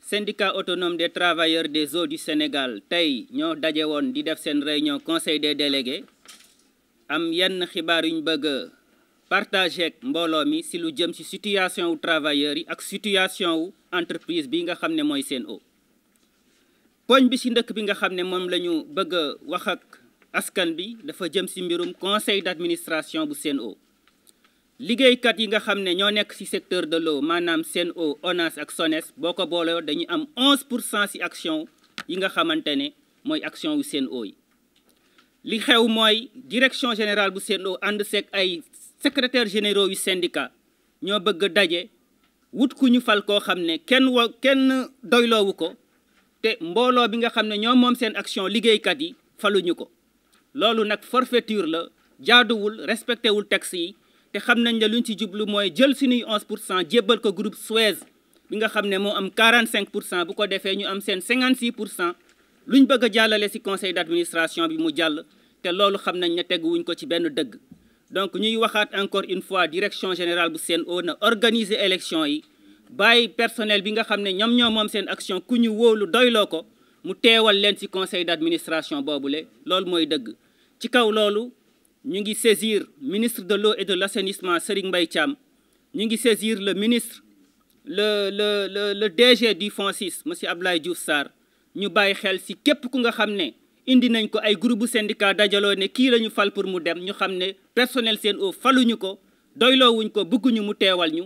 syndicat autonome des travailleurs des eaux du Sénégal tey ñoo daje woon di def seen réunion conseil des délégué am yenn xibaar yuñ bëgg a mbooloo mi si lu jëm ci situation wu travailleurs yi ak situation wu entreprise bi nga xam ne mooy seen o poñ bi ci ndëkk bi nga xam ne moom lañu bëgg a wax ak askan bi dafa jëm si mbirum conseil d'administration bu Sen'Eau liggéeykat yi nga xam ne ñoo nekk ci secteur de l'eau maanaam Sen'Eau ONAS ak SONES boo ko boole dañuy am 11 pour cent ci action yi nga xamante ne mooy action wu Sen'Eau yi li xew mooy direction général bu Sen'Eau ànd seeg ay secrétaires généraux yu syndicat ñoo bëgg a daje wut ku ñu fal koo xam ne kenn wa kenn doyloowu ko te mbooloo bi nga xam ne ñoo moom seen action liggéeykat yi falu ñu ko loolu nag forfaiture la jaaduwul respecté wul texte yi te xam nañ ne lu ñu ci jublu mooy jël suñuy 11 pour cent jébbal ko groupe Suez bi nga xam ne moo am 45 pour cent bu ko defee ñu am seen 56 pour cent lu ñu bëgg a jàllale ci conseil d'administration bi mu jàll te loolu xam nañ ne teguwuñ ko ci benn dëgg. donc ñuy waxaat encore une fois direction générale bu seen na organiser élection yi bàyyi personnel bi nga xam ne ñoom ñoo moom seen action ku ñu wóolu doyloo ko mu teewal leen ci conseil d'administration boobule loolu mooy dëgg ci kaw loolu. ñu ngi saisir ministre de l'eau et de l'assainissement Serigne Mbaye Thiam ñu ngi saisir le ministre le le le le DG du FONSIS monsieur Abdoulaye Diouf Sarr ñu bàyyi xel ci képp ku nga xam ne indi nañ ko ay groupe syndicat dajaloo ne kii la ñu fal pour mu dem ñu xam ne personnel Sen'Eau faluñu ko doyloowuñ ko bëgguñu mu teewal ñu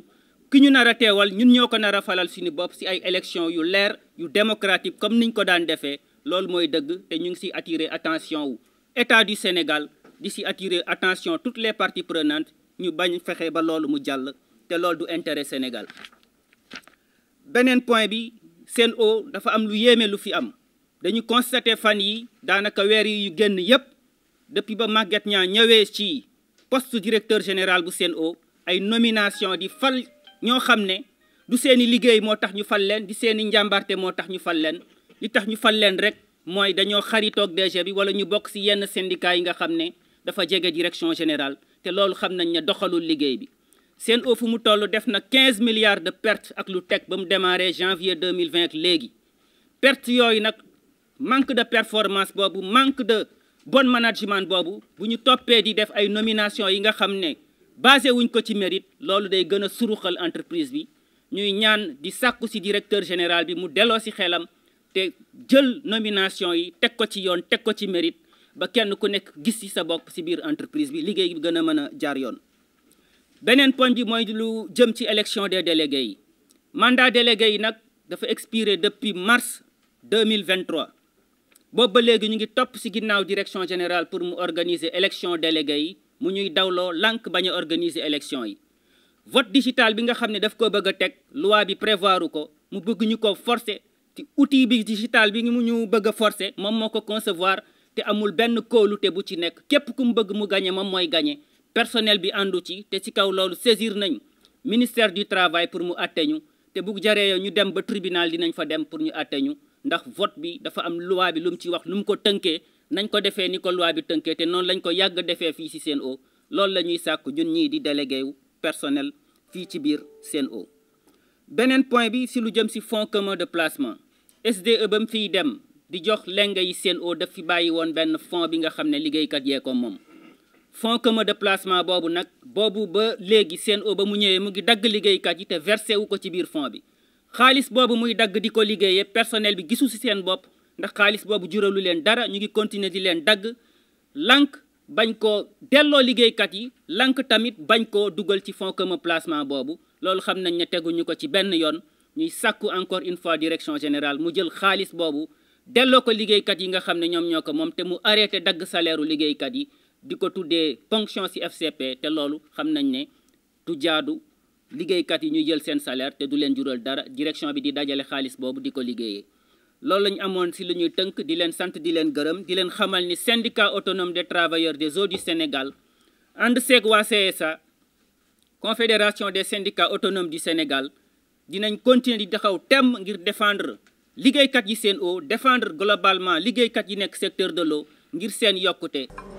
ki ñu nar a teewal ñun ñoo ko nar a falal suñu bopp ci ay élection yu leer yu démocratique comme niñ ko daan defee loolu mooy dëgg te ñu ngi ciy attirer attention Sénégal di si attirer attention toutes les parties prenantes ñu bañ fexe ba loolu mu jàll te loolu du intérêt Sénégal beneen point bi seen o dafa am lu yéeme lu fi am dañu constaté fan yi daanaka weer yi génn yépp depuis ba màgget ñaa ñëwee ci poste directeur général bu seen o ay nomination di fal ñoo xam ne du seeni liggéey moo tax ñu fal leen di seeni njàmbarte moo tax ñu fal leen li tax ñu fal leen rek mooy dañoo xaritoog DG bi wala ñu bokk ci yenn syndicat yi nga xam ne dafa jege direction général te loolu xam nañ ne doxalul liggéey bi seen fu mu toll def na 15 milliards de perte ak lu teg ba mu démarré janvier 2020 ak léegi perte yooyu nag manque de performance boobu manque de bon management boobu bu ñu toppee di def ay nomination yi nga xam ne basé wuñ ko ci mérite loolu day gën a suruxal entreprise bi ñuy ñaan di sàkku ci directeur général bi mu delloo ci xelam te jël nomination yi teg ko ci yoon teg ko ci mérite ba kenn ku nekk gis ci sa bopp ci biir entreprise bi liggéey bi gën a mën a jaar yoon. beneen point bi mooy lu jëm ci élection des délégués yi mandat délégués yi nag dafa expiré depuis mars 2023 boobu ba léegi ñu ngi topp ci ginnaaw direction générale pour mu organiser élection délégués yi mu ñuy dawloo lànk bañ a organiser élection yi. vote digital bi nga xam ne daf ko bëgg teg loi bi prévoir ko mu bëgg ñu ko forcer ci outil bi digital bi mu ñu bëgg a forcer moom moo ko concevoir. te amul benn kóolute bu ci nekk képp ku mu bëgg mu gañe moom mooy gañe personnel bi àndu ci te ci kaw loolu saisir nañ ministère du travail pour mu atte ñu te bu jaree ñu dem ba tribunal dinañ fa dem pour ñu atte ñu ndax vote bi dafa am luwaa bi lu mu ci wax lu mu ko tënkee nañ ko defee ni ko loi bi tënkee te noonu lañ ko yàgg defee fii ci Sen'Eau loolu la ñuy sàkk ñun ñii di délégué wu personnel fii ci biir Sen'Eau beneen point bi si lu jëm ci fonds commun de placement di jox leng yi seen o daf fi bàyyi woon benn fonds bi nga xam ne liggéeykat yee ko moom fonds commun de placement boobu nag boobu ba léegi seen o ba mu ñëwee mu ngi dagg liggéeykat yi te versé wu ko ci biir fonds bi xaalis boobu muy dagg di ko liggéeyee personnel bi gisu si seen bopp ndax xaalis boobu juralu leen dara ñu ngi continuer di leen dagg lank bañ koo delloo liggéeykat yi lank tamit bañ koo dugal ci fonds commun placement boobu loolu xam nañ ne teguñu ko ci benn yoon ñuy sàkku encore une fois direction générale mu jël xaalis boobu delloo ko liggéeykat yi nga xam ne ñoom ñoo ko moom te mu arrêté dagg salaire u liggéeykat yi di ko tuddee ponction ci FCP te loolu xam nañ ne du jaadu liggéeykat yi ñuy jël seen salaire te du leen jural dara direction bi di dajale xaalis boobu di ko liggéeyee. loolu la ñu amoon si lu ñuy tënk di leen sant di leen gërëm di leen xamal ni syndicat autonome des travailleurs des eaux du Sénégal ànd seeg waa CSA confédération des syndicats autonome du Sénégal dinañ continuer di taxaw temm ngir défendre. liggéeykat yi seen Sen'Eau défendre globalement liggéeykat yi nekk secteur de l'eau ngir seen yokkute